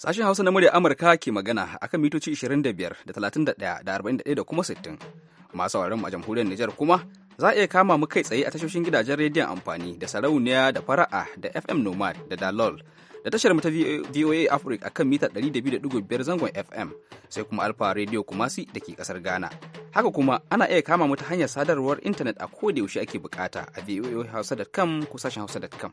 Sashen Hausa na murya Amurka ke magana a kan mitoci 25 da 31 da 41 da kuma 60. Masu sauraron a jamhuriyar Nijar kuma za a iya kama mu kai tsaye a tashoshin gidajen rediyon amfani da sarauniya da fara'a da FM Nomad da Dalol da tashar ta VOA Africa akan mita 200.5 zangon FM sai kuma Alfa Radio Kumasi da ke kasar Ghana. Haka kuma ana iya kama mu hanyar sadarwar intanet a ko da yaushe ake bukata a voahausa.com ko sashen hausa.com.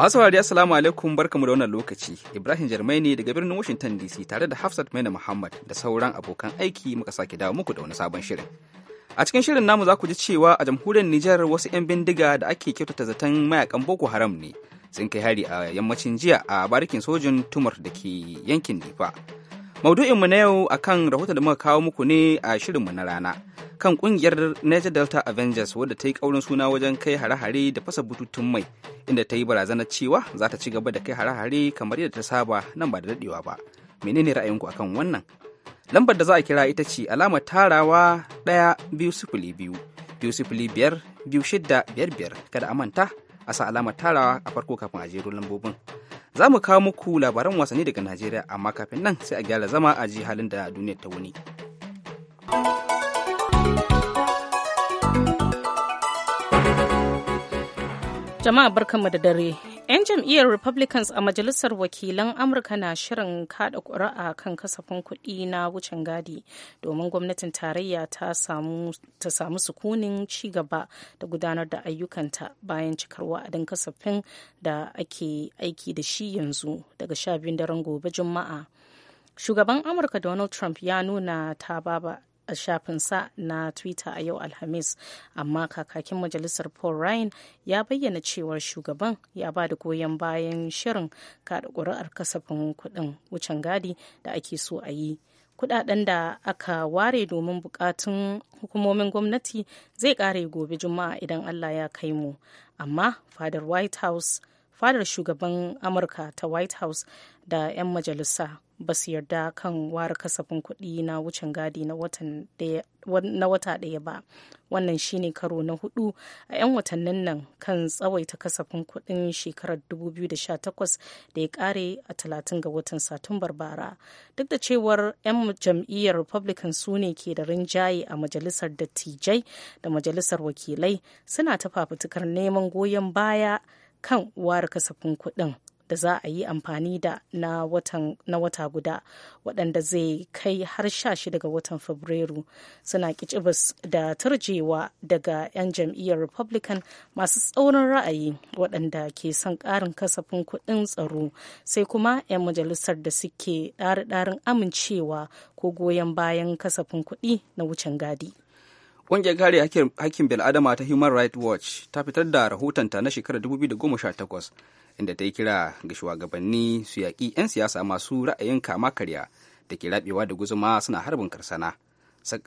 Masu saurari assalamu alaikum barkamu da wannan lokaci. Ibrahim Jarmai ne daga birnin Washington DC tare da Hafsat Maina Muhammad da sauran abokan aiki muka sake dawo muku da wani sabon shirin. a cikin shirin namu za ku ji cewa a jamhuriyar nijar wasu 'yan bindiga da ake kyautata zaton mayakan boko haram ne sun kai hari a yammacin jiya a barikin sojin tumar da ke yankin difa maudu'inmu na yau akan rahoton da muka kawo muku ne a shirinmu na rana kan ƙungiyar niger delta avengers wadda ta yi kaurin suna wajen kai hare-hare da fasa bututun mai inda ta yi barazanar cewa za ta ci gaba da kai hare-hare kamar yadda ta saba nan ba da daɗewa ba menene ra'ayinku akan wannan lambar da za a kira ita ce alamar tarawa ɗaya biyu sifili biyu biyu sifili biyar biyu shidda biyar biyar kada a manta a sa alamar tarawa a farko kafin a jero lambobin za mu kawo muku labaran wasanni daga najeriya amma kafin nan sai a gyara zama a ji halin da duniyar ta wuni jama'a barkanmu da dare 'Yan jam'iyyar Republicans a Majalisar Wakilan Amurka na shirin kada ƙuri'a kan kasafin kuɗi na wucin gadi domin gwamnatin tarayya ta samu sukunin ci gaba da gudanar da ayyukanta bayan cikar wa'adin kasafin da ake aiki da shi yanzu daga sha biyun daren gobe Juma'a. Shugaban Amurka Donald Trump ya nuna ta baba a shafinsa na twitter a yau alhamis amma kakakin majalisar paul ryan ya bayyana cewar shugaban ya ba da goyon bayan shirin kada ƙuri'ar kasafin kuɗin wucin gadi da ake so a yi kudaden da aka ware domin bukatun hukumomin gwamnati zai kare gobe juma'a idan allah ya kai mu amma fadar white house fadar shugaban amurka ta white house da 'yan majalisa ba su yarda kan ware kasafin kuɗi na wucin gadi na wata ɗaya ba wannan shine karo na hudu a 'yan watannin nan kan tsawaita kasafin kuɗin shekarar 2018 da ya ƙare a 30 ga watan satumbar bara duk da cewar 'yan jam'iyyar republican su ne ke da rinjaye a majalisar dattijai da majalisar wakilai suna ta fafutukar neman goyon baya kan ware kasafin kuɗin da za a yi amfani da na, wata guda waɗanda zai kai har sha shida ga watan fabrairu suna kicibis da turjewa daga 'yan jam'iyyar republican masu tsaurin ra'ayi waɗanda ke son ƙarin kasafin kuɗin tsaro sai kuma 'yan majalisar da suke ɗari-ɗarin amincewa ko goyon bayan kasafin kuɗi na wucin gadi. Ƙungiyar kare hakkin bil'adama ta Human Rights Watch ta fitar da rahotonta na shekarar 2018 inda ta yi kira ga shugabanni su yaƙi 'yan siyasa masu ra'ayin kama karya da ke labewa da guzuma suna harbin karsana.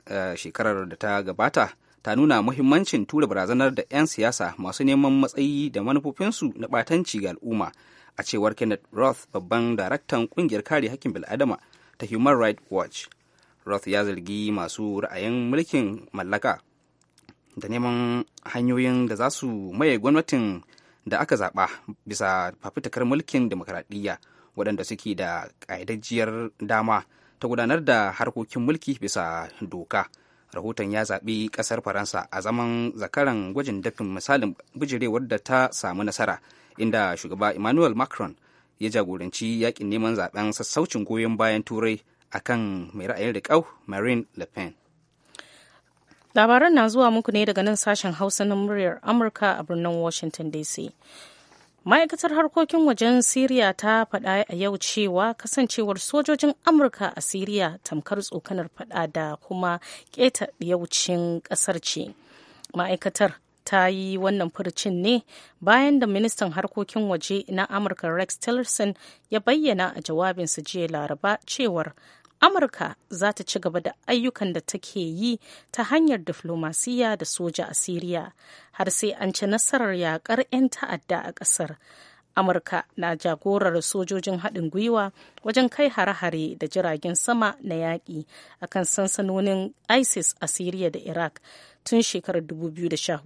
Eh, shekarar da ta gabata ta nuna muhimmancin tura barazanar da 'yan siyasa masu neman matsayi da manufofinsu na ɓatanci ga al'umma a cewar Kenneth Roth babban daraktan ƙungiyar kare hakkin bil'adama ta Human Rights Watch. roth ya zargi masu ra'ayin mulkin mallaka da neman hanyoyin da za su maye gwamnatin da aka zaɓa bisa fafitakar mulkin demokradiyya waɗanda suke da ƙa'idajiyar dama ta gudanar da harkokin mulki bisa doka rahoton ya zaɓi ƙasar faransa a zaman zakaran gwajin dafin misalin bijirewar da ta samu nasara inda shugaba emmanuel macron ya jagoranci yaƙin neman zaɓen sassaucin goyon bayan turai akan mai ra'ayin riƙau marine le pen labaran na zuwa muku ne daga nan sashen hausa na muryar amurka a birnin washington dc ma'aikatar harkokin wajen siriya ta faɗa a yau cewa kasancewar sojojin amurka a siriya tamkar tsokanar faɗa da kuma keta yaucin ƙasar ce ma'aikatar ta yi wannan furcin ne bayan da ministan harkokin waje na amurka rex tillerson ya bayyana a jawabinsa jiya laraba cewar amurka za ta ci gaba da ayyukan da take yi ta hanyar diflomasiyya da soja a siriya har sai an ci nasarar yakar 'yan ta'adda a ƙasar amurka na jagorar sojojin haɗin gwiwa wajen kai hare-hare da jiragen sama na yaƙi akan sansanonin isis a siriya da iraq tun shekarar 2014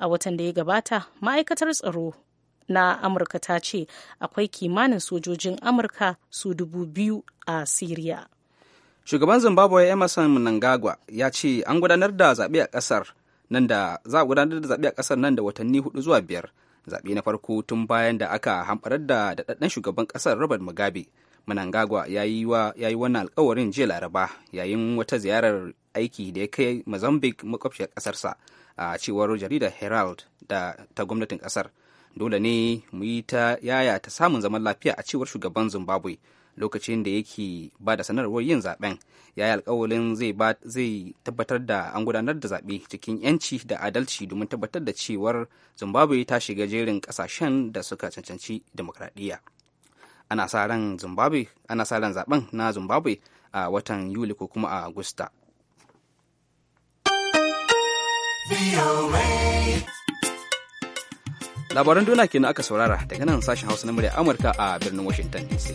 a watan da ya gabata ma'aikatar tsaro na amurka ta ce akwai kimanin sojojin amurka su dubu biyu a syria shugaban zimbabwe emerson mnangagwa ya ce an gudanar da zaɓe a ƙasar nan da za a gudanar da zaɓe a ƙasar nan da watanni hudu zuwa biyar zaɓe na farko tun bayan da aka hamɓarar da daɗaɗɗen shugaban ƙasar robert mugabe manangagwa ya yi wannan alkawarin jiya Laraba yayin wata ziyarar aiki da ya kai Mozambique makwabciyar kasarsa a cewar jaridar Herald da ta gwamnatin kasar Dole ne mu yi ta yaya ta samun zaman lafiya a cewar shugaban Zimbabwe lokacin da yake ba da sanarwar yin zaben yayi alkawarin alkawalin zai tabbatar da an gudanar da zaɓe cikin yanci da adalci domin tabbatar da cewar zimbabwe ta shiga jerin ƙasashen da suka cancanci demokradiyya. ana sa ran zimbabwe ana sa ran zaben na zimbabwe a watan yuli ko kuma a agusta labaran duna kenan aka saurara daga nan sashen hausa na murya amurka a birnin washington dc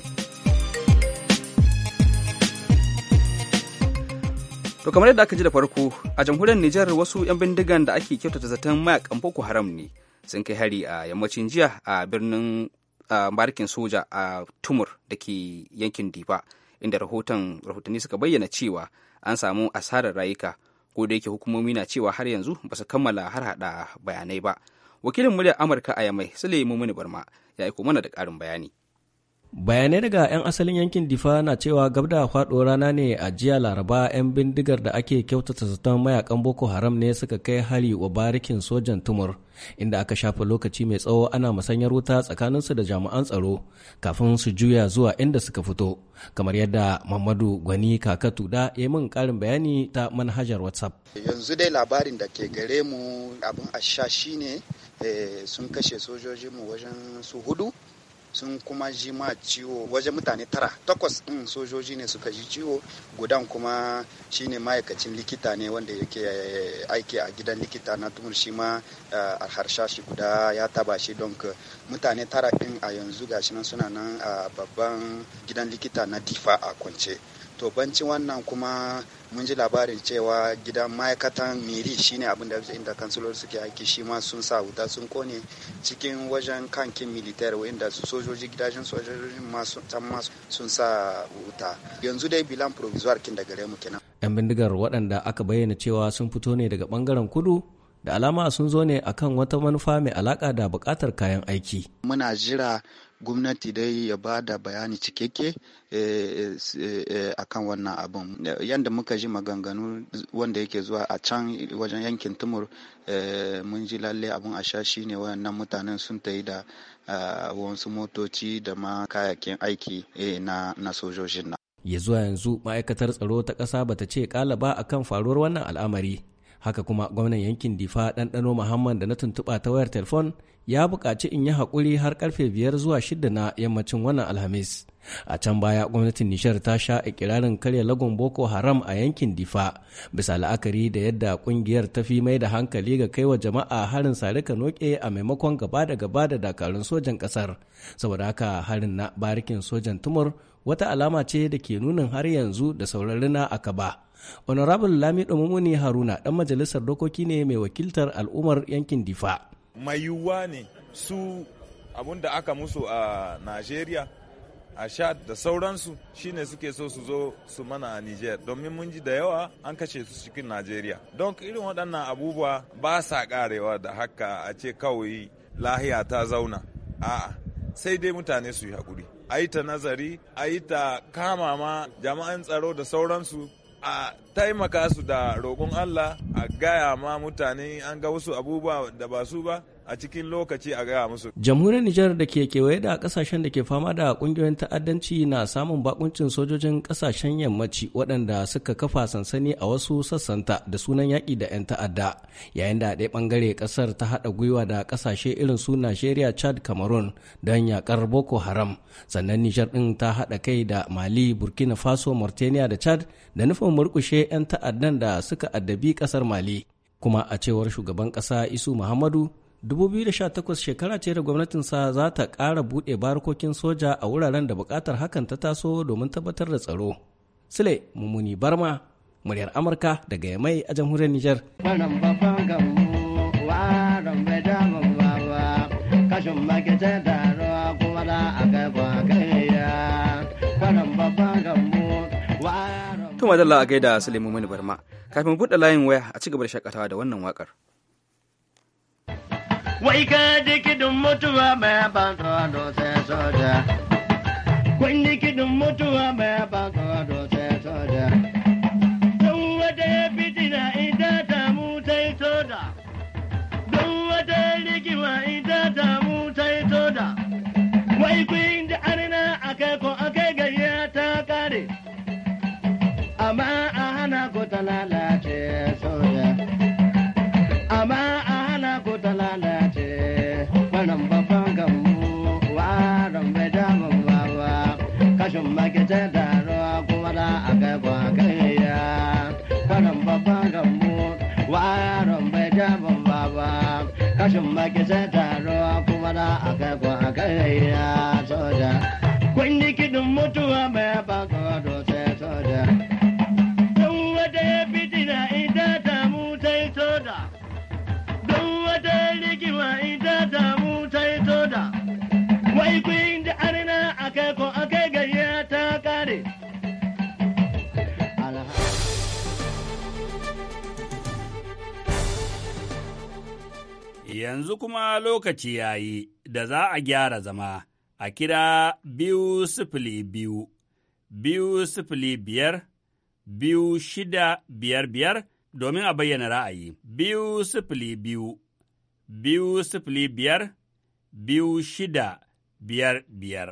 To kamar yadda aka ji da farko a jamhuriyar Nijar wasu 'yan bindigan da ake kyautata zaton mayakan Boko Haram ne sun kai hari a yammacin jiya a birnin barkin soja a tumur da ke yankin difa inda rahoton rahotanni suka bayyana cewa an samu asarar rayuka ko da yake hukumomi na cewa har yanzu ba su kammala har hada bayanai ba wakilin muryar amurka a yamai sule mumuni barma ya aiko mana da karin bayani bayanai daga 'yan asalin yankin difa na cewa gab da faɗo rana ne a jiya laraba 'yan bindigar da ake kyautata zaton mayakan boko haram ne suka kai hari wa barikin sojan tumur inda aka shafa lokaci mai tsawo ana musanyar wuta tsakaninsu da jami'an tsaro kafin su juya zuwa inda suka fito kamar yadda mamadu gwani kakatu da ya min karin bayani ta manhajar whatsapp yanzu dai labarin da ke gare mu abin asha shine eh, sun kashe sojojinmu wajen su hudu sun kuma ji ma ciwo waje mutane tara takwas ɗin sojoji ne suka ji ciwo gudan kuma shine ma'aikacin likita ne wanda yake eh, aiki a gidan likita na tumur shi ma eh, a shi guda ya taba shi don mutane tara ɗin a yanzu gashi nan suna nan a babban gidan likita na difa a kwance to bancin wannan kuma mun ji labarin cewa gidan ma'aikatan miri shine abin da inda kansulori suke aiki shi ma sun sa wuta sun kone cikin wajen kankin militar inda sojoji gidajen sojoji masu can masu sun sa wuta yanzu dai bilan provisoire kin da gare kenan yan bindigar waɗanda aka bayyana cewa sun fito ne daga bangaren kudu da alama sun zo ne akan wata manufa mai alaka da bukatar kayan aiki. Muna jira gwamnati dai ya ba da bayani cikakke eh, eh, eh, akan wannan abin. Yadda muka ji maganganu wanda yake zuwa a can wajen yankin tumur mun ji lalle abin a sha shi ne wayannan mutanen sun ta yi da ah, wasu motoci da ma kayakin aiki na sojojin na. Ya zuwa yanzu ma'aikatar tsaro ta ƙasa bata ce ƙalaba akan faruwar wannan al'amari. haka kuma gwamnan yankin difa ɗanɗano muhammad da na tuntuɓa ta wayar telefon ya buƙaci in yi haƙuri har karfe biyar zuwa shida na yammacin wannan alhamis a can baya gwamnatin nishar ta sha ikirarin karya lagun boko haram a yankin difa bisa la'akari da yadda kungiyar ta fi mai da hankali ga kaiwa jama'a harin ka noke a maimakon gaba da gaba da dakarun sojan kasar saboda haka harin na barikin sojan tumur wata alama ce da ke nunin har yanzu da saurarina na kaba. ba. Honorable Lami Mumuni Haruna ɗan majalisar dokoki ne mai wakiltar al'ummar yankin Difa. Mai yiwuwa ne su abun da aka musu a Najeriya, a shad da sauransu shine suke so su zo su mana a Niger domin mun ji da yawa an kashe su cikin Najeriya. Don irin waɗannan abubuwa ba sa ƙarewa da haka a ce kawai lahiya ta zauna. A'a sai dai mutane su yi haƙuri. a yi ta nazari a yi ta kama ma jama'an tsaro da sauransu a taimaka su da roƙon Allah a gaya ma mutane an ga wasu abubuwa da ba su ba a cikin lokaci a gaya musu. Jamhuriyar Nijar da ke kewaye da kasashen da ke fama da kungiyoyin ta'addanci na samun bakuncin sojojin kasashen yammaci waɗanda suka kafa sansani a wasu sassanta da sunan yaƙi da 'yan ta'adda yayin da ɗaya ɓangare ƙasar ta haɗa gwiwa da ƙasashe irin su Najeriya, Chad, Cameroon don yaƙar Boko Haram. Sannan Nijar ɗin ta haɗa kai da Mali, Burkina Faso, Mauritania da Chad da nufin murƙushe 'yan ta'addan da suka addabi ƙasar Mali. Kuma a cewar shugaban ƙasa Isu Muhammadu 2018 shekara ce da gwamnatinsa za ta ƙara buɗe barkokin soja a wuraren da bukatar hakan ta taso domin tabbatar da tsaro. Sule Mumuni Barma, muryar Amurka daga Yamai a jamhuriyar Nijar. Tumadalla a gaida Sule Mumuni Barma, kafin buɗe layin waya a ci gaba da shakatawa da wannan wakar. wai ka ji kidin mutuwa mai ban tsoro sai soja kun ji kidin mutuwa mai ban tsoro sai soja don wata fitina ita ta mu sai soja don wata rigima ita ta mu sai soja wai kun ji arna akai ko akai gari tashin maki sai taro kuma na aka kwa aka ya soja kun yi mutuwa mai bako dose soja don wata ya fitina ita ta mu sai soja don wata rigima ita ta mu sai soja wai kun yanzu kuma lokaci ya yi da za a gyara zama a kira biyu sifili biyu, biyu sifili biyar, biyu shida biyar biyar domin a bayyana ra'ayi. Biyu sifili biyu, biyu sifili biyar, biyu shida biyar biyar.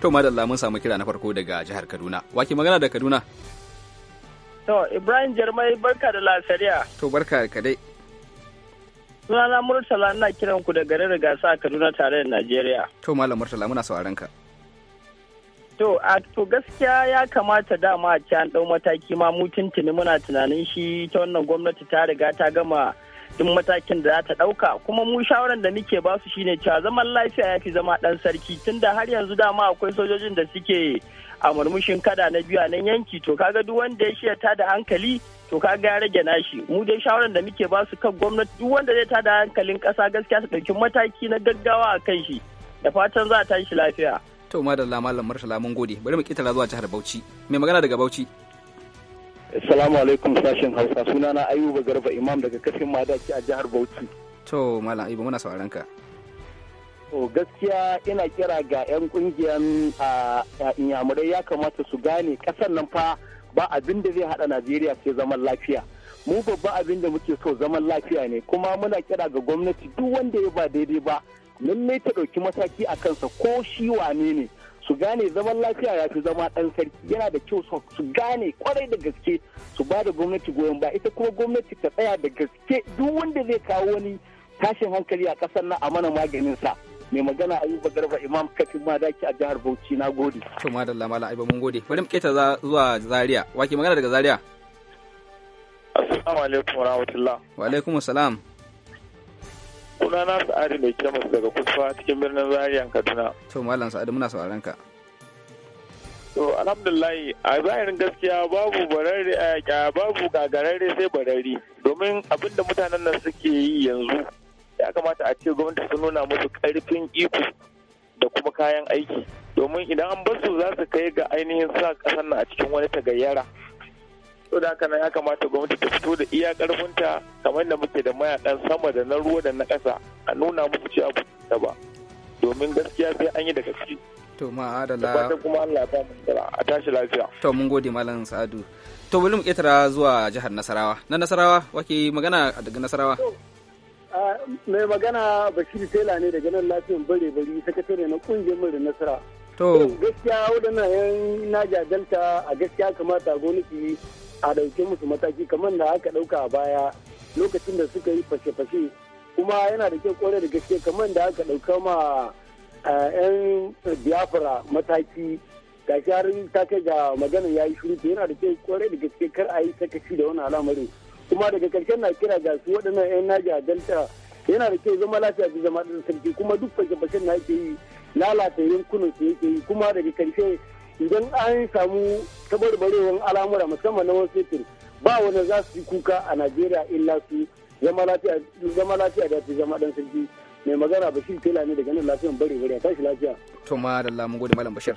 To, madalla mun samu kira na farko daga jihar Kaduna. Wake magana da Kaduna? To, Ibrahim Jarmai barka da lasariya. To, barka da dai. Sunana Murtala ina kiran ku da garin Rigasa a Kaduna tare da Najeriya. To, Malam Murtala muna sauran ka. To, a to gaskiya ya kamata dama a can ɗau mataki ma mu tuntuni muna tunanin shi ta wannan gwamnati ta riga ta gama duk matakin da za ta ɗauka kuma mu shawaran da muke basu su shine cewa zaman lafiya ya fi zama ɗan sarki tunda har yanzu dama akwai sojojin da suke a murmushin kada na biyu a nan yanki to kaga duk wanda ya shiya ta da hankali to kaga ya rage nashi mu dai shawaran da muke ba su kan gwamnati duk wanda zai ta da hankalin kasa gaskiya su ɗaukin mataki na gaggawa a kan shi da fatan za a tashi lafiya. to ma da martala mun gode bari mu kitara zuwa jihar bauchi mai magana daga bauchi. assalamu alaikum sashin hausa sunana ayuba garba imam daga kafin madaki a jihar bauchi. to malam ayuba muna sauraron ka. To gaskiya ina kira ga 'yan kungiyar inyamurai ya kamata su gane ƙasar nan fa ba abin da zai hada Najeriya sai zaman lafiya. Mu babba abin da muke so zaman lafiya ne kuma muna kira ga gwamnati duk wanda ya ba daidai ba lallai ta ɗauki mataki a kansa ko shi wane ne su gane zaman lafiya ya fi zama ɗan sarki yana da kyau su gane kwarai da gaske su ba da gwamnati goyon ba ita kuma gwamnati ta tsaya da gaske duk wanda zai kawo wani tashin hankali a ƙasar nan a mana maganin sa mai magana ayuba garba imam kafin daki a jihar bauchi na gode to madalla malam ayuba mun gode bari mu keta zuwa zaria wake magana daga zaria assalamu alaikum warahmatullahi wa alaikum assalam kuna na sa'adi mai kira masu daga kusa cikin birnin zaria kaduna to malam sa'adi muna sauraron ka to alhamdulillah a zahirin gaskiya babu barare a eh, babu gagarare sai barari domin abinda mutanen nan suke yi yanzu ya kamata a ce gwamnati su nuna musu karfin iko da kuma kayan aiki domin idan an basu za su kai ga ainihin sa kasar nan a cikin wani tagayyara to da haka nan ya kamata gwamnati ta fito da iya karfinta kamar da muke da mayakan sama da na ruwa da na ƙasa a nuna musu cewa ba ta ba domin gaskiya sai an yi daga ciki to ma adala kuma Allah ya ba a tashi lafiya to mun gode malam sa'adu to bari ketara zuwa jihar Nasarawa na Nasarawa wake magana daga Nasarawa mai magana bashir tela ne daga nan lafiyan bare bari sakatare na kungiyar mai nasara to gaskiya waɗannan yan na delta a gaskiya kamata gonaki a ɗauke musu mataki kamar da aka ɗauka a baya lokacin da suka yi fashe-fashe kuma yana da kyau kore da gaske kamar da aka dauka ma 'yan biafra mataki gashi har ta kai ga magana ya yi shuru yana da kyau kore da gaske kar a yi sakaci da wani al'amarin kuma daga karshen na kira ga su waɗannan 'yan a delta yana da kyau zama lafiya da zama ɗan sarki kuma duk fashe-fashen na ake yi lalata yankunan su yake yi kuma daga karshe idan an samu tabarbarewar al'amura musamman na wasu ba wani za su yi kuka a najeriya illa su zama lafiya da su zama ɗan sarki mai magana shi tela ne daga nan lafiyan bare bare tashi lafiya to ma da lamun gode malam bashir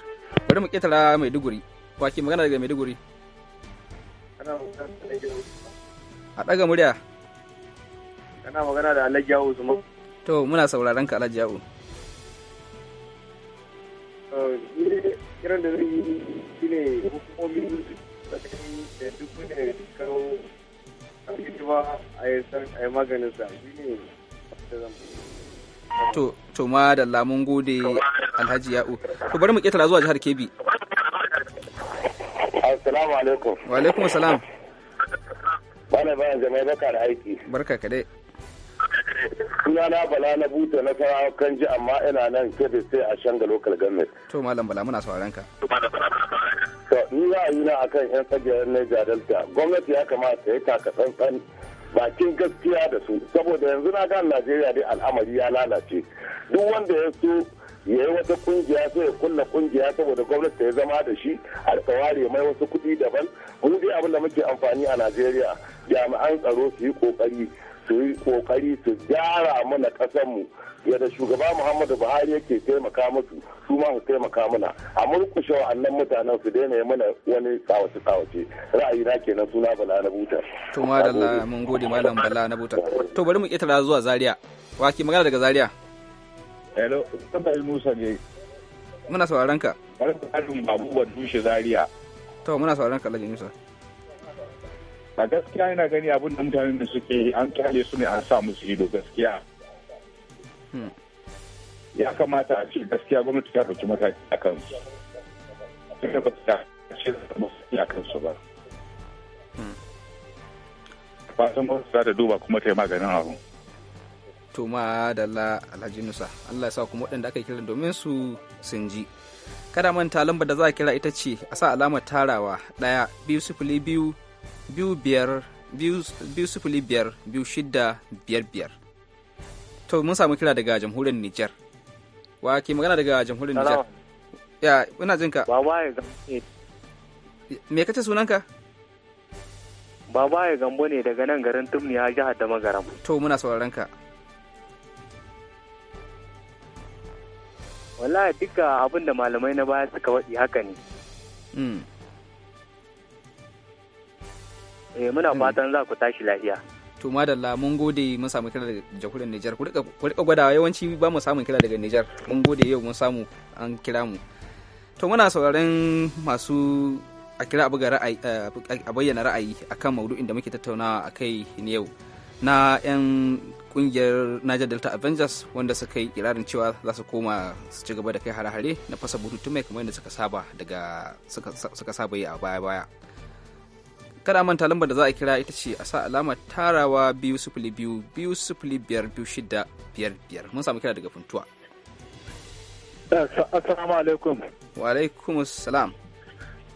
bari mu ketara maiduguri wake magana daga maiduguri ana a ɗaga murya kana magana da alhaji yawo usman to muna sauraron ka alhaji yawo kiran da zai yi shi ne hukumomi da duk karo ba a yi maganin sa shi ne to to ma da lamun gode alhaji ya'u to bari mu ƙetara zuwa jihar kebbi assalamu alaikum wa alaikum assalam Bana bayan zama baka da aiki. Barka ka dai. Suna na bala na buta na fara kan ji amma ina nan kebe sai a shanga local government. To malam bala muna sauraron ka. To ni a yi ra'ayina akan yan tsagiyar na jadalta gwamnati ya kamata ya taka tsantsan bakin gaskiya da su saboda yanzu na gan Najeriya dai al'amari ya lalace duk wanda ya so ya yi wata kungiya sai ya kunna kungiya saboda gwamnati ta zama da shi alkawari mai wasu kuɗi daban mu dai abin da muke amfani a Najeriya jami'an tsaro su yi kokari su yi kokari su gyara mana kasanmu yadda shugaba muhammadu buhari yake taimaka musu su ma su taimaka mana a murkushe wa'annan mutanen su daina yi mana wani tsawace tsawace ra'ayi na kenan suna bala na buta to madalla mun gode malam bala na buta to bari mu ƙetara zuwa zaria waki magana daga zaria hello tabai musa ne muna sauraron ka barka da babu wa dushe zaria to muna sauraron ka yi musa a gaskiya yana gani abin da mutanen da suke an kyale su ne an sa musu ido gaskiya ya kamata a ce gaskiya gwamnati ta ɗauki mataki a kansu ta ba ta ce a kansu ba fatan ba za ta duba kuma ta yi maganin abu to ma da alhaji nusa allah ya sa kuma waɗanda aka kira domin su sun ji kada manta lambar da za a kira ita ce a sa alamar tarawa ɗaya biyu sifili biyu biyu biyar biyu sifili biyar biyu shida biyar biyar to mun samu kira daga jamhuriyar nijar. wa ke magana daga jamhuriyar nijar. ya ina jin ka baba ya eh. me kace sunanka baba ya gambo ne daga nan garin tumni ya jihar da magaram to muna sauraron ka wallahi duka abin da malamai na baya suka waɗi haka ne hmm. Eh, muna hmm. fatan za ku tashi lafiya to madalla mun gode mun samu kira daga jamhuriyar Nijar ku rika gwadawa yawanci ba mu samun kira daga Nijar mun gode yau mun samu an kira mu to muna sauraron masu a kira a eh, bayyana ra'ayi akan maudu'in da muke tattaunawa a kai ne yau na 'yan kungiyar Niger Delta Avengers wanda suka yi kirarin cewa za su koma su ci gaba da kai hare-hare na fasa bututu mai kamar yadda suka saba daga suka saba yi a baya-baya. kada manta lambar da za a kira ita ce a sa alama tarawa biyu sufuli biyu biyu sufuli biyar biyu shida biyar biyar mun samu kira daga funtuwa. Assalamu alaikum. Wa alaikum salam.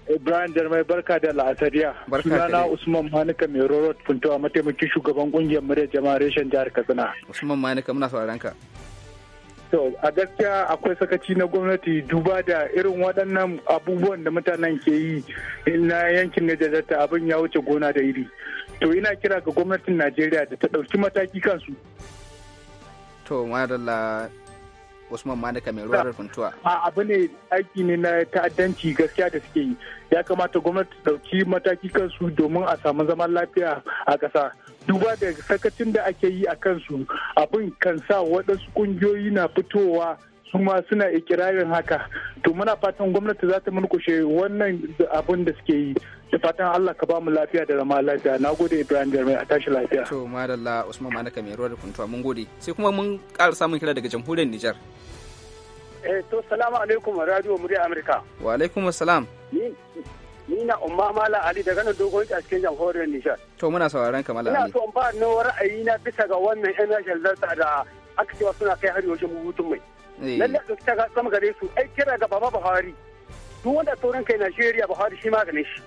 Ibrahim Jarmai barka da la'asariya. Barka Sunana Usman Manika mai rorot funtuwa mataimakin shugaban kungiyar murya jama'a reshen jihar Katsina. Usman Manika muna sauraron ka. To a gaskiya akwai sakaci na gwamnati duba da irin waɗannan abubuwan da mutanen ke yi na yankin na jajarta abin ya wuce gona da iri. To ina kira ga gwamnatin Najeriya da ta ɗauki mataki kansu. To madalla Usman Manika mai ruwa rufuntuwa A abu ne aiki ne na ta'addanci gaskiya da suke yi. Ya kamata gwamnati ta ɗauki mataki kansu domin a samu zaman lafiya a ƙasa. duba da sakacin da ake yi a kansu abin kan sa waɗansu ƙungiyoyi na fitowa su ma suna ikirarin haka to muna fatan gwamnati za ta murkushe wannan abin da suke yi da fatan Allah ka ba mu lafiya da zama lafiya na gode Ibrahim Jarmai a tashi lafiya to madalla Usman Manaka mai ruwa da kuntuwa mun gode sai kuma mun ƙara samun kira daga jamhuriyar Nijar eh to salamu alaikum radio murya Amurka wa alaikum assalam ni na umma mala ali daga nan dogon a cikin jamhuriyar nishar to muna sauraron ka mala ali ina so ba no ra'ayi na bisa ga wannan yan rashin zarta da aka cewa suna kai hari wajen hutun mai eh. lalle su ta ga sama gare su ai kira ga baba buhari duk wanda taurin kai najeriya buhari shi maganin shi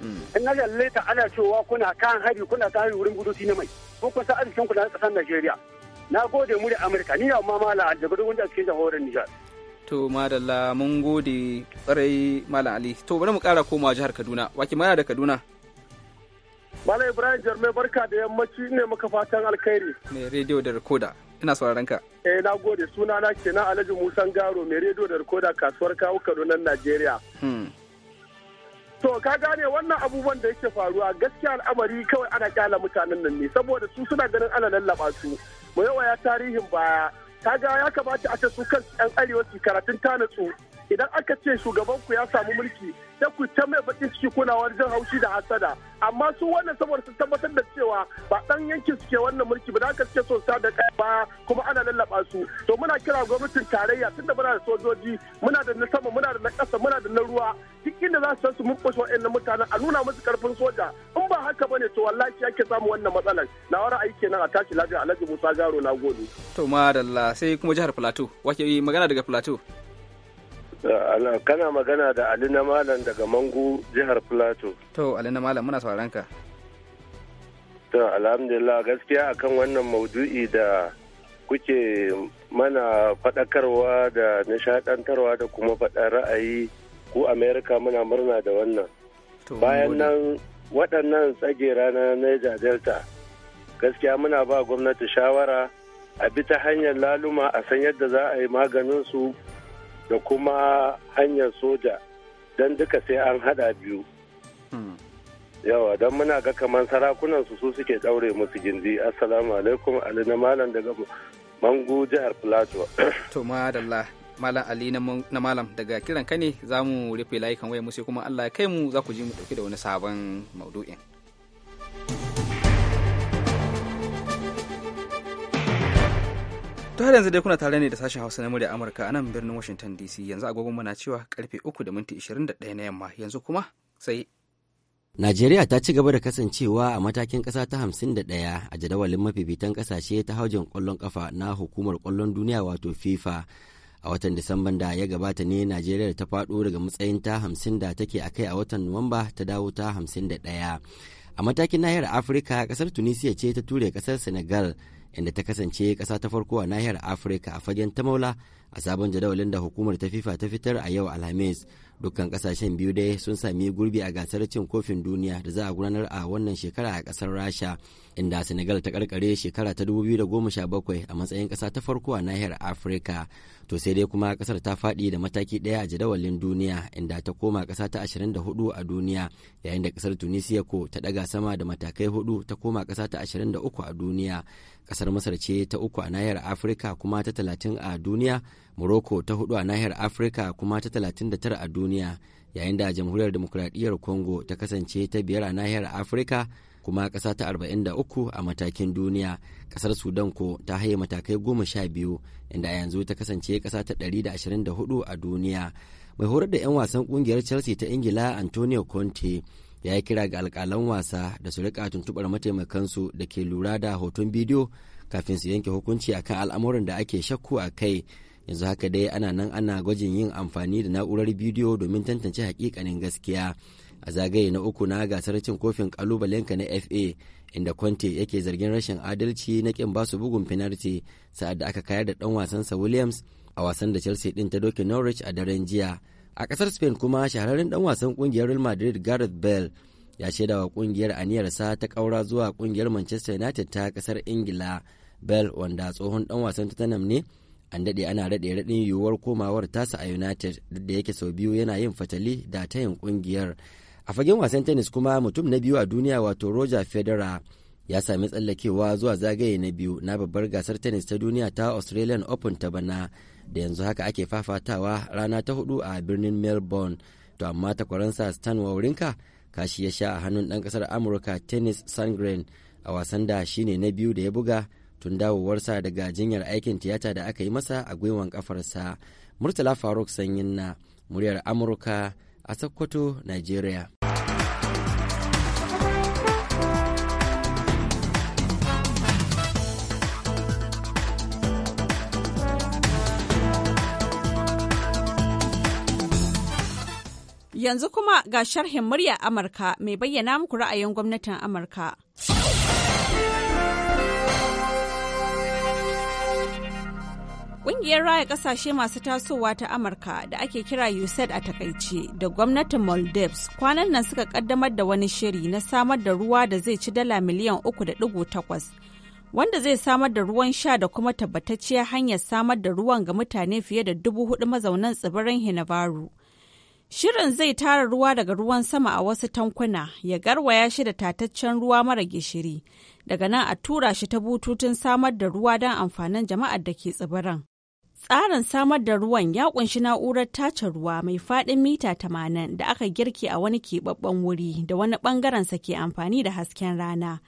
hmm. in na lalle ta ana cewa kuna kan hari kuna kan hari wurin gudu na mai ko kun san arzikin ku na kasar najeriya na gode mu da amurka ni na umma mala ali daga dogon a cikin jamhuriyar nishar to madalla mun gode tsarai malam ali to bari mu kara koma jihar kaduna waki mana da kaduna Malam Ibrahim Jarme barka da yammaci ne maka fatan alkhairi. Mai rediyo da rikoda, ina sauraron ka. Eh na gode suna na kenan Alhaji musan Garo mai rediyo da rikoda kasuwar kawo Kaduna Najeriya. Hmm. To ka gane wannan abubuwan da yake faruwa gaskiya al'amari kawai ana kyala mutanen nan ne saboda su suna ganin ana lallaba su. Mu yawa ya tarihin baya kaga ya kamata a ce su kan yan arewa su karatun ta natsu idan aka ce shugaban ku ya samu mulki sai ku ta mai baƙin ciki kuna wani haushi da hasada amma su wannan saboda su tabbatar da cewa ba dan yankin suke wannan mulki ba da aka suke so da ba kuma ana lallaba su to muna kira gwamnatin tarayya tunda muna da sojoji muna da na sama muna da na ƙasa muna da na ruwa duk inda za su san su mun fashe wa'in mutanen a nuna musu karfin soja in ba haka ba ne to wallahi ake samu wannan matsalar na wara aiki kenan a tashi lafiya Alhaji Musa Garo na gode to madalla sai kuma jihar Plateau wake magana daga Plateau kana magana da Ali Malam daga Mangu jihar Plateau. To Ali Malam muna sauran ka. To alhamdulillah gaskiya akan wannan maudu'i da kuke mana faɗakarwa da nishaɗantarwa da kuma faɗa ra'ayi ku Amerika muna murna da wannan. Bayan nan waɗannan tsagera na Niger Delta gaskiya muna ba gwamnati shawara a bi ta hanyar laluma a san yadda za a yi maganin su da kuma hanyar soja don duka sai an hada biyu hmm. yawa don muna ga kamar sarakunan su suke daure musu gindi assalamu alaikum ali na malam daga mangu jihar plateau to madalla malam ali na malam daga kiran ka ne za mu rufe layukan waya mu kuma allah ya kai mu za ku ji mu dauki da wani sabon maudu'in To har yanzu dai kuna tare ne da sashen Hausa na murya Amurka a nan birnin Washington DC yanzu agogon muna cewa karfe 3 da minti 21 na yamma yanzu kuma sai Najeriya ta ci gaba da kasancewa a matakin ƙasa ta 51 a jadawalin mafifitan ƙasashe ta haujin ƙwallon ƙafa na hukumar ƙwallon duniya wato FIFA. A watan Disamban da ya gabata ne Najeriya ta faɗo daga matsayin ta 50 da take a kai a watan Nuwamba ta dawo ta 51. A matakin nahiyar Afirka ƙasar Tunisia ce ta ture ƙasar Senegal inda ta kasance ƙasa ta farko a nahiyar afirka a fagen ta maula a sabon jadawalin da hukumar ta fifa ta fitar a yau alhamis dukkan kasashen biyu dai sun sami gurbi a gasar cin kofin duniya da za a gudanar a wannan shekara a ƙasar rasha inda Senegal ta karkare shekara ta 2017 a matsayin ƙasa ta farko a nahiyar Afirka. To sai dai kuma ƙasar ta faɗi da mataki ɗaya a jadawalin duniya inda ta koma ƙasa ta 24 a duniya yayin da kasar Tunisia ko ta ɗaga sama da matakai hudu ta koma kasa ta 23 a duniya. Ƙasar Masar ce ta uku a nahiyar Afirka kuma ta 30 a duniya. Morocco ta hudu a nahiyar Afirka kuma ta 39 a duniya. Yayin da jamhuriyar demokuraɗiyyar Congo ta kasance ta biyar a nahiyar Afirka kuma ƙasa ta 43 a matakin duniya ƙasar sudan ko ta haye matakai goma sha biyu inda a yanzu ta kasance ƙasa ta 124 a duniya mai horar da 'yan wasan ƙungiyar chelsea ta ingila antonio conte ya yi kira ga alkalan wasa da su rika tuntuɓar mataimakansu da ke lura da hoton bidiyo kafin su yanke hukunci akan al'amuran da ake shakku a kai yanzu haka dai ana nan ana gwajin yin amfani da na'urar bidiyo domin tantance hakikanin gaskiya a zagaye na uku na gasar cin kofin kalubalen ka na fa inda conte yake zargin rashin adalci na kin basu bugun finarti sa'ad da aka kayar da dan wasansa williams a wasan da chelsea din ta doke norwich a daren jiya a kasar spain kuma shahararren dan wasan kungiyar real madrid gareth bale ya shaida shaidawa kungiyar aniyarsa ta kaura zuwa kungiyar manchester united ta kasar ingila bell wanda tsohon dan wasan tottenham ne an daɗe ana raɗe raɗin yiwuwar komawar tasa a united duk da yake sau biyu yana yin fatali da tayin kungiyar a fagen wasan tennis kuma mutum na biyu a duniya wato roger federer ya sami tsallakewa zuwa zagaye na biyu na babbar gasar tennis ta duniya ta australian open ta bana da yanzu haka ake fafatawa rana ta hudu a birnin melbourne to amma takwaransa stan wawrinka kashi ya sha a hannun dan kasar amurka tennis sangren a wasan da shine na biyu da ya buga tun dawowarsa daga jinyar aikin tiyata da aka yi masa a gwiwan kafarsa murtala faruk sanyin na muryar amurka a Sokoto, Najeriya. Yanzu kuma ga sharhin murya Amurka mai bayyana muku ra'ayin gwamnatin Amurka. Ƙungiyar raya ƙasashe masu tasowa ta Amurka da ake kira USAID a takaice da gwamnatin Maldives kwanan nan suka ƙaddamar da wani shiri na samar da ruwa da zai ci dala miliyan 3.8 wanda zai samar da ruwan sha da kuma tabbatacciyar hanyar samar da ruwan ga mutane fiye da dubu hudu mazaunan tsibirin Hinabaru. Shirin zai tara ruwa daga ruwan sama a wasu tankuna ya garwaya shi da tataccen ruwa mara gishiri. daga nan a tura shi ta bututun samar da ruwa don amfanin jama'ar da ke tsibiran. Tsarin samar da ruwan ya kunshi na'urar tace ruwa mai faɗin mita tamanin da aka girke a wani keɓaɓɓen wuri da wani ɓangarensa ke amfani da hasken rana.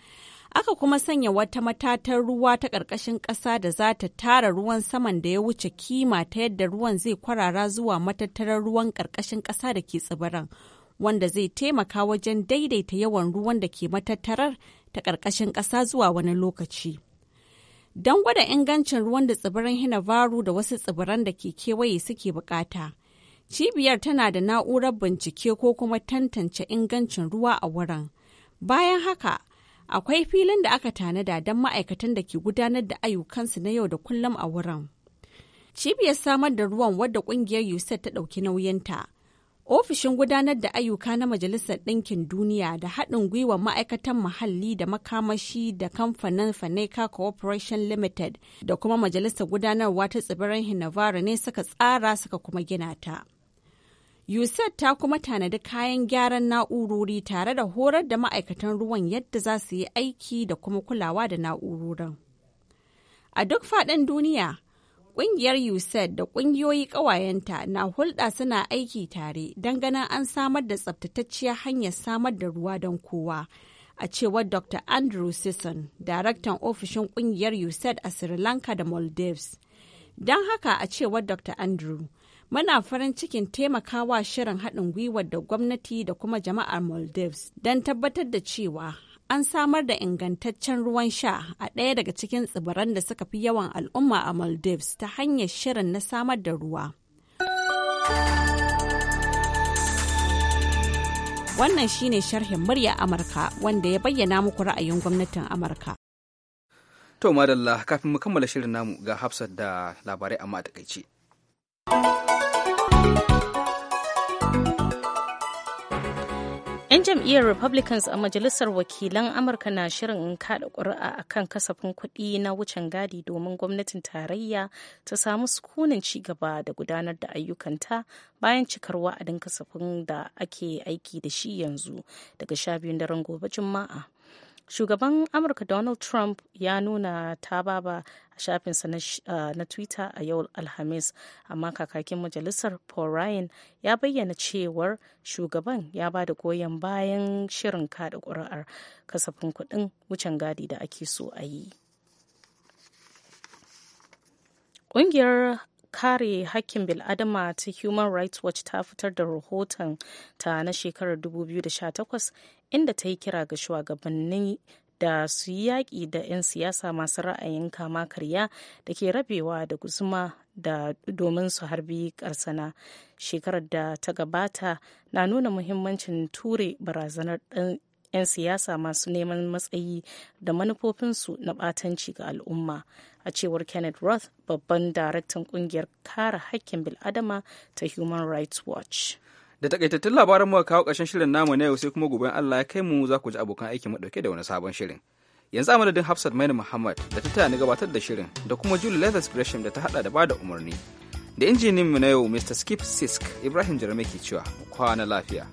Aka kuma sanya wata matatar ruwa ta ƙarƙashin ƙasa da za ta tara ruwan saman da ya wuce kima ta yadda ruwan zai kwarara zuwa matattarar ruwan ƙarƙashin ƙasa da ke tsibiran, wanda zai taimaka wajen daidaita yawan ruwan da ke matattarar ta ƙarƙashin ƙasa zuwa wani lokaci. don gwada ingancin ruwan da tsibirin hinavaru da wasu tsibiran da ke kewaye suke bukata. Cibiyar tana da na'urar bincike ko kuma tantance ingancin ruwa a wurin. Bayan haka, akwai filin da aka tanada don ma'aikatan da ke gudanar da ayyukansu na yau da kullum a wurin. Cibiyar samar da ruwan wadda ƙungiyar USAID ta ɗauki nauyinta Ofishin gudanar da ayyuka na Majalisar Ɗinkin Duniya da haɗin gwiwa ma'aikatan muhalli da makamashi da kamfanin Faneca Corporation Limited da kuma Majalisar Gudanarwa ta tsibirin Hinavara ne suka tsara suka kuma gina ta. USAID ta kuma tanadi kayan gyaran na'urori tare da horar da ma'aikatan ruwan yadda za su yi aiki da kuma kulawa da na'urorin. A duk faɗin duniya, Ƙungiyar USAID da ƙungiyoyi ƙawayenta na hulɗa suna aiki tare don ganin an samar da tsabtatacciyar hanyar samar da ruwa don kowa. A cewar Dr. Andrew Sisson, daraktan ofishin ƙungiyar USAID a Sri Lanka da Maldives. Don haka a cewar Dr. Andrew, muna farin cikin taimakawa shirin haɗin gwiwar da gwamnati da kuma jama'ar Maldives don tabbatar da cewa an samar da ingantaccen ruwan sha a ɗaya daga cikin tsibiran da suka fi yawan al'umma a Maldives ta hanyar shirin na samar da ruwa. Wannan shine sharhin murya Amurka wanda ya bayyana muku ra'ayin gwamnatin Amurka. To madalla kafin mu kammala shirin namu ga Hafsat da labarai amma a takaice. jam'iyyar Republicans a Majalisar Wakilan Amurka na shirin kada ƙuri'a a kan kasafin kuɗi na wucin gadi domin gwamnatin tarayya ta samu sukunin ci gaba da gudanar da ayyukanta bayan cikar wa'adin kasafin da ake aiki da shi yanzu daga sha biyun daren gobe Juma'a. shugaban amurka donald trump ya nuna tababa a shafinsa ah, na twitter a yau alhamis amma kakakin majalisar paul ryan ya bayyana cewar shugaban ya ba da goyon bayan shirin kada kuri'ar kasafin kuɗin wucin gadi da ake so a yi Ƙungiyar kare hakkin bil'adama ta human rights watch ta fitar da rahoton ta na shekarar 2018 inda ta yi kira ga shugabanni da su yi yaƙi da 'yan siyasa masu ra'ayin kama karya da ke rabewa da guzuma da domin su harbi karsana shekarar da ta gabata na nuna muhimmancin ture barazanar 'yan siyasa masu neman matsayi da manufofinsu na ɓatanci ga al'umma a cewar kenneth roth babban daraktan kungiyar kare hakkin bil'adama ta human rights watch da takaitattun labaran mu kawo ƙarshen shirin namu na yau sai kuma gobe allah ya kai mu za ku ji abokan aiki mu dauke da wani sabon shirin yanzu a madadin hafsat maina muhammad da ta taya ni gabatar da shirin da kuma julie leathers gresham da ta hada da bada umarni da injinin mu na yau mr skip sisk ibrahim jarame ke cewa kwana lafiya